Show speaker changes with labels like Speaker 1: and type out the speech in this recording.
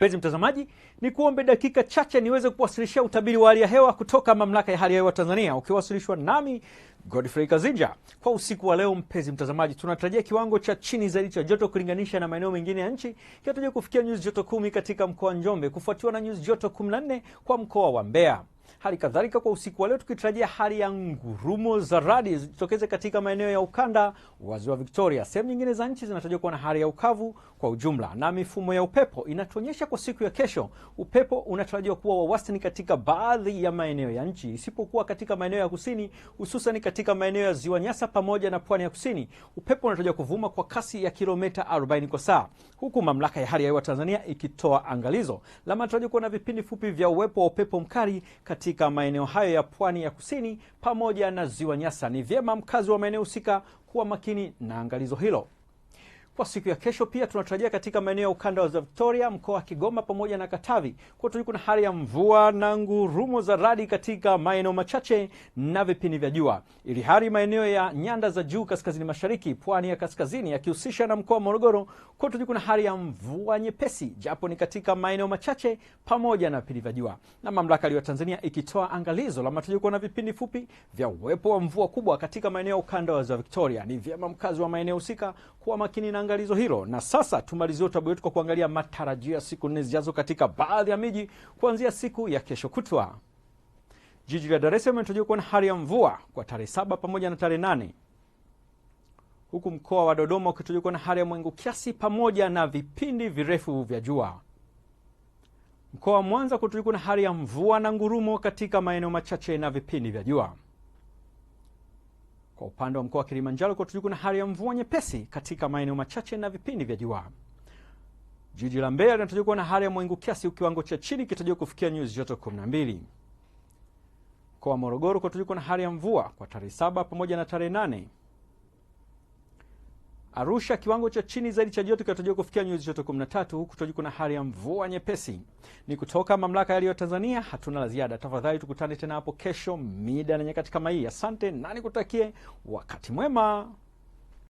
Speaker 1: Mpenzi mtazamaji, ni kuombe dakika chache niweze kuwasilishia utabiri wa hali ya hewa kutoka Mamlaka ya Hali ya Hewa Tanzania ukiwasilishwa nami Godfrey Kazinja. Kwa usiku wa leo, mpenzi mtazamaji, tunatarajia kiwango cha chini zaidi cha joto kulinganisha na maeneo mengine ya nchi kinatarajia kufikia nyuzi joto kumi katika mkoa wa Njombe, kufuatiwa na nyuzi joto 14 kwa mkoa wa Mbeya. Hali kadhalika kwa usiku wa leo tukitarajia hali ya ngurumo za radi zijitokeze katika maeneo ya ukanda wa ziwa Victoria. Sehemu nyingine za nchi zinatarajiwa kuwa na hali ya ukavu kwa ujumla, na mifumo ya upepo inatuonyesha kwa siku ya kesho upepo unatarajiwa kuwa wa wastani katika baadhi ya maeneo ya nchi, isipokuwa katika maeneo ya kusini, hususan katika maeneo ya ziwa Nyasa pamoja na pwani ya kusini. Upepo unatarajiwa kuvuma kwa kasi ya kilomita 40 kwa saa, huku mamlaka ya hali ya hewa Tanzania ikitoa angalizo la matarajio kuwa na vipindi fupi vya uwepo wa upepo mkali kat katika maeneo hayo ya pwani ya kusini pamoja na ziwa Nyasa. Ni vyema mkazi wa maeneo husika kuwa makini na angalizo hilo. Kwa siku ya kesho pia tunatarajia katika maeneo ya ukanda wa Ziwa Victoria, mkoa wa Kigoma pamoja na Katavi kuwa kuna hali ya mvua na ngurumo za radi katika maeneo machache na vipindi vya jua, ili hali maeneo ya nyanda za juu kaskazini mashariki, pwani ya kaskazini yakihusisha na mkoa wa Morogoro kuwa kuna hali ya mvua nyepesi, japo ni katika maeneo machache pamoja na vipindi vya jua, na mamlaka ya Tanzania ikitoa angalizo la matarajio na vipindi fupi vya uwepo wa mvua kubwa katika maeneo ya ukanda wa Ziwa Victoria. Ni vyema mkazi wa maeneo husika kuwa makini na angalizo hilo. Na sasa tumalizie utabu wetu kwa kuangalia matarajio ya siku nne zijazo katika baadhi ya miji kuanzia siku ya kesho kutwa. Jiji la Dar es Salaam inatarajiwa kuwa na hali ya mvua kwa tarehe saba pamoja na tarehe nane huku mkoa wa Dodoma ukitarajiwa kuwa na hali ya mwengu kiasi pamoja na vipindi virefu vya jua. Mkoa wa Mwanza kutarajiwa kuwa na hali ya mvua na ngurumo katika maeneo machache na vipindi vya jua. Kwa upande wa mkoa wa Kilimanjaro kutatujuku na hali ya mvua nyepesi katika maeneo machache na vipindi vya jua. Jiji la Mbeya linatajwa na hali ya mawingu kiasi kiwango cha chini kitajwa kufikia nyuzi joto 12. Mkoa wa Morogoro kwa kuwa na hali ya mvua kwa tarehe saba pamoja na tarehe nane. Arusha kiwango cha chini zaidi cha joto kinatarajiwa kufikia nyuzi joto 13 huku tutajua na hali ya mvua nyepesi. Ni kutoka mamlaka yaliyo Tanzania, hatuna la ziada. Tafadhali tukutane tena hapo kesho mida na nyakati kama hii. Asante na nikutakie wakati mwema.